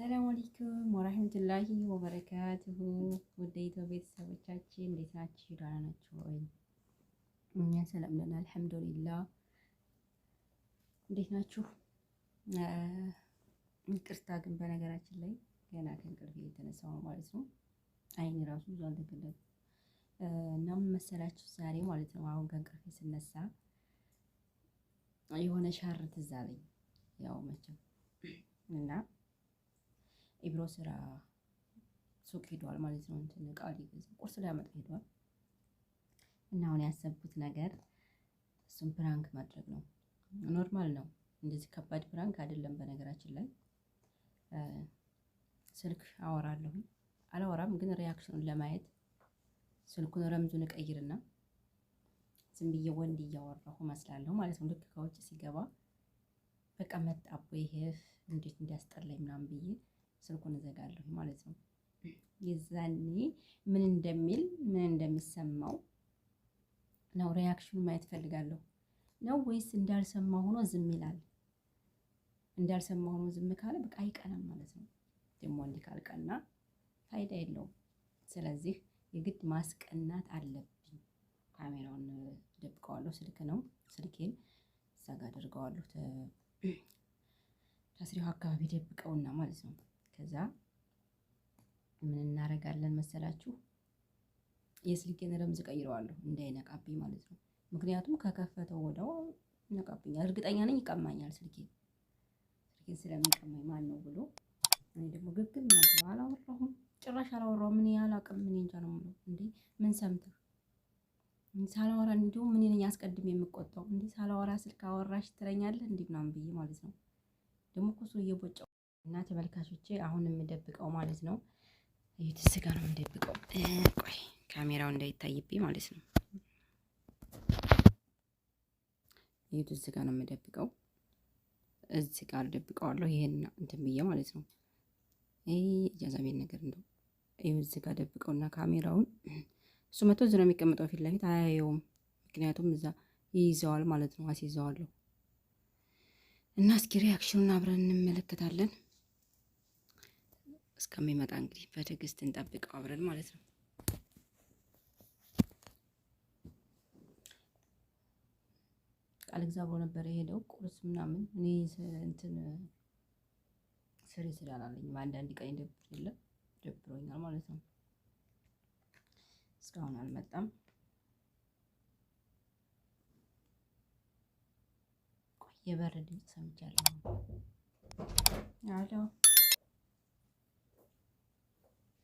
ሰላም አለይኩም ወራህመቱላሂ ወበረካቱሁ ወደ ኢትዮ ቤተሰቦቻችን እንዴት ናችሁ? ደህና ናችሁ ወይ? እኛ ሰላም ነን አልሐምዱሊላህ። እንዴት ናችሁ? ይቅርታ ግን በነገራችን ላይ ገና ከእንቅልፍ እየተነሳሁ ነው ማለት ነው። አይን ራሱ ብዙ አልደገለም እና ምን መሰላችሁ ዛሬ ማለት ነው አሁን ከእንቅልፍ ስነሳ የሆነ ሻር ትዝ አለኝ ያው መቼም እና የቢሮ ስራ ሱቅ ሄደዋል ማለት ነው። እንትን እቃ ሊገዛ ቁርስ ሊያመጣ ሄደዋል። እና አሁን ያሰብኩት ነገር እሱም ፕራንክ ማድረግ ነው። ኖርማል ነው፣ እንደዚህ ከባድ ፕራንክ አይደለም። በነገራችን ላይ ስልክ አወራለሁ አላወራም፣ ግን ሪያክሽኑን ለማየት ስልኩን ረምዙን እቀይርና ዝም ብዬ ወንድ እያወራሁ መስላለሁ ማለት ነው። ልክ ከውጭ ሲገባ በቃ መጣቦ ይሄ እንዴት እንዲያስጠላኝ ምናምን ብዬ ስልኩን እዘጋለሁ ማለት ነው። የዛኔ ምን እንደሚል ምን እንደሚሰማው ነው ሪያክሽኑ ማየት ፈልጋለሁ። ነው ወይስ እንዳልሰማ ሆኖ ዝም ይላል? እንዳልሰማ ሆኖ ዝም ካለ በቃ አይቀናም ማለት ነው። ደግሞ እንዲህ ካልቀና ፋይዳ የለውም። ስለዚህ የግድ ማስቀናት አለብኝ። ካሜራውን ደብቀዋለሁ። ስልክ ነው ስልኬን እዛ ጋር አድርገዋለሁ። ተስሪው አካባቢ ደብቀውና ማለት ነው ከዛ ምን እናደርጋለን መሰላችሁ? የስልኬን ረምዝ ቀይረዋለሁ እንዳይነቃብኝ ማለት ነው። ምክንያቱም ከከፈተው ወደው ይነቃብኛል። እርግጠኛ ነኝ ይቀማኛል። ስልኬን ስልኬን ስለሚቀማኝ ማን ነው ብሎ እኔ ደግሞ ግግም ነው አላወራሁም፣ ጭራሽ አላወራሁም። ምን ያላቅም ምን እንጃ ነው የምለው። እንዴ ምን ሰምተህ ሳላወራ እንዲሁ ምን ነኝ አስቀድሜ የምቆጣው እንዴ ሳላወራ ስልክ አወራሽ ትለኛለህ እንዴ ምናምን ብዬ ማለት ነው። ደግሞ እኮ እሱ እየቦጫው እና ተመልካቾቼ አሁን የምደብቀው ማለት ነው ይህ ስጋ ነው የምደብቀው። ቆይ ካሜራው እንዳይታይብኝ ማለት ነው። ይህ ስጋ ነው የምደብቀው። እዚህ ጋር ደብቀዋለሁ። ይሄን እንትን ብዬ ማለት ነው። ይሄ ጃዛቤን ነገር እንደው ይሄ እዚህ ጋር ደብቀውና ካሜራውን እሱ መቶ እዚህ ነው የሚቀመጠው፣ ፊት ለፊት አያየውም። ምክንያቱም እዛ ይይዘዋል ማለት ነው፣ አስይዘዋለሁ እና እስኪ ሪያክሽኑን አብረን እንመለከታለን። እስከሚመጣ እንግዲህ በትዕግስት እንጠብቀው አብረን ማለት ነው። ቃል እግዚአብሔር ነበር የሄደው ቁርስ ምናምን እኔ እንትን ስሪ ስላላለኝም አንዳንድ ቀን ደብር የለም ደብሮኛል ማለት ነው። እስካሁን አልመጣም። የበረድ ሰምቻለሁ። ሰምቻለሁ።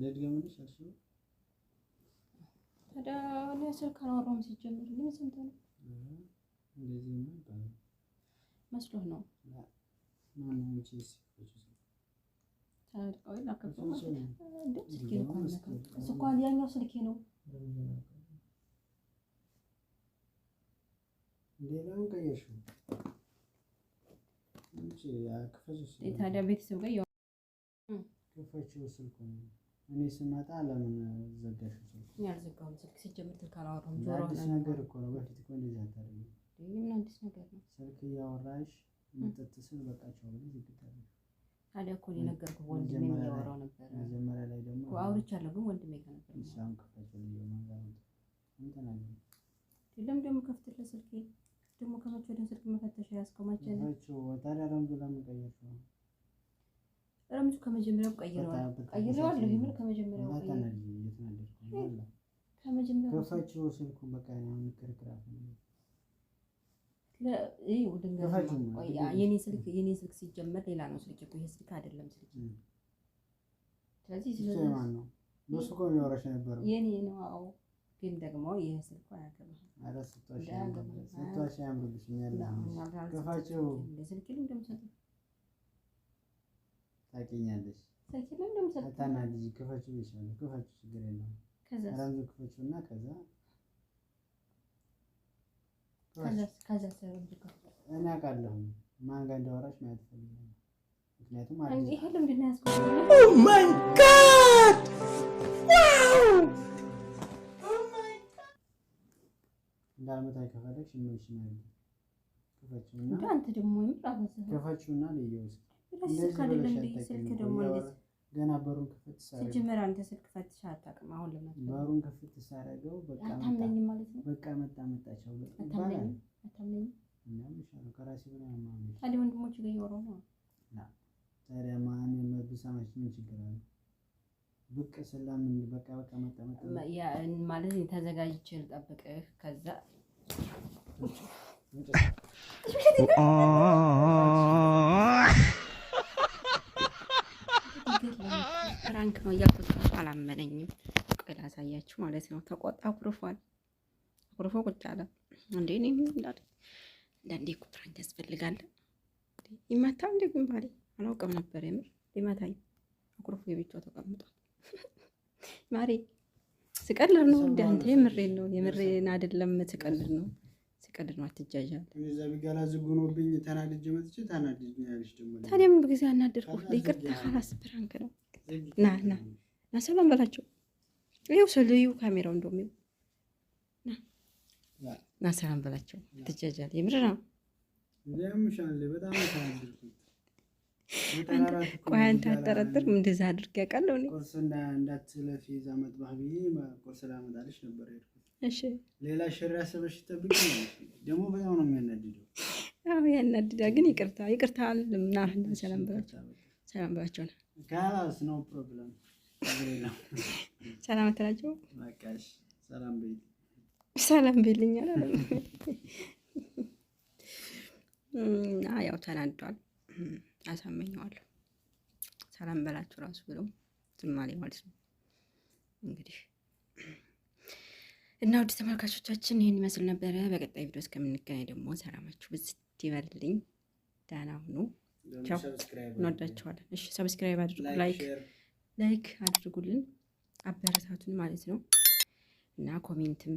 ልድገምልሽ እሱ ታዲያ ስልክ አላወራሁም ሲጀምር ምን ስንት ነው እንደዚህ ነው ይባላል መስሎህ ነው ስልኳን ያኛው ስልኬ ነው ሌላውን ቀየርሽው ታዲያ ቤተሰብ ጋር ክፈችው ስልኩን እኔ ስመጣ ለምን ዘጋሽ? እኔ አልዘጋሁም። ስልክ ሲጀምር ስልክ አላወራሁም። አዲስ ነገር እኮ ነው። በፊት እኮ እንደዚህ አታደርጊም። አዲስ ነገር ነው? ስልክ እያወራሽ መጠጥ ስል በቃ ቻው ብለሽ ታዲያ እኮ ወንድሜ እያወራሁ ነበር። መጀመሪያ ላይ ደግሞ አውርቻለሁ፣ ግን ወንድሜ ነው። የለም ደግሞ ስልኬ ደግሞ ከመቼ ስልክ መፈተሻ ያስከማቸ ታዲያ ነው ለምን ቀየርሽው? በጣም ብዙ ከመጀመሪያው ቀይረዋል ቀይረዋለሁ። የኔ ስልክ ሲጀመር ሌላ ነው ስልክ እኮ ይሄ ስልክ አይደለም ስልክ። ስለዚህ የኔ ነው። አዎ ግን ደግሞ ይህ ስልኩ አያገባም ታውቂኛለሽ። አታናግዢ፣ ክፈችው ይሻላል። ክፈችው ችግር የለውም። ራሱ ክፈችው እና ከዛ እኔ አውቃለሁ ማን ጋር እንዳወራሽ ማየት ፈልጋለሁ። ምክንያቱም ማይ ጋድ እንዳልመጣ ከፈለግሽ ክፈችው ክፈችና ልዩ ውስጥ ገና በሩን ክፍት ሲጀመር አንተ ስልክ ፈትሽ አታውቅም። አሁን ለምን በሩን ክፍት ሳደርገው በቃ መጣ መጣቸው ታዲያ ወንድሞች እየወረው ነው። ታዲያ ማን ቢሰማች ምን ችግር አለ? ብቅ ስላም በቃ በቃ መጣ መጣ ማለት ተዘጋጅቼ ልጠብቅህ ከዛ ነው እያልኩት አላመነኝም። ቆይ ላሳያችሁ ማለት ነው። ተቆጣ፣ አኩርፏል። አኩርፎ ቁጭ አለ። እንዴ እኔ አንዳንዴ እኮ ፕራንክ ያስፈልጋል። ይመታ እንዴ ግንባሪ አላውቅም ነበር የምር ይመታኝ። አኩርፎ የቤቷ ተቀምጧል። ማሬ ስቀልር ነው እንደ አንተ የምሬን ነው የምሬን አይደለም፣ ስቀልር ነው ፍቃድ ነው። አትጃዣል። ታዲያ አናደርኩ። ይቅርታ ካላስ ነው። ና ና ና፣ ሰላም በላቸው። ይኸው ሰልዩ ካሜራው እንደውም ና ና፣ ሰላም በላቸው። ትጃዣል። የምር ነው። ቆይ አንተ አጠረጥርም እንደዛ አድርግ ያውቃለሁ። ቁርስና እንዳትለፊ ቁርስ ላመጣልሽ ነበር ሌላ ሽራ ሰበሽ ጠብቅ ደግሞ በጣም ነው የሚያናድደው። ግን ይቅርታ ይቅርታ ሰላም ብላቸው ነው ፕሮብለም ሰላም ሰላም አለ ያው ተናዷል። አሳመኘዋለሁ ሰላም በላችሁ ራሱ ብለው ዝማሌ ማለት ነው እንግዲህ እና ውድ ተመልካቾቻችን ይህን ይመስል ነበረ። በቀጣይ ቪዲዮ እስከምንገናኝ ደግሞ ሰላማችሁ ብዝት ይበልልኝ። ደህና ሁኑ። ቻው፣ እንወዳችኋለን። እሺ፣ ሰብስክራይብ አድርጉ፣ ላይክ ላይክ አድርጉልን፣ አበረታቱን ማለት ነው እና ኮሜንትም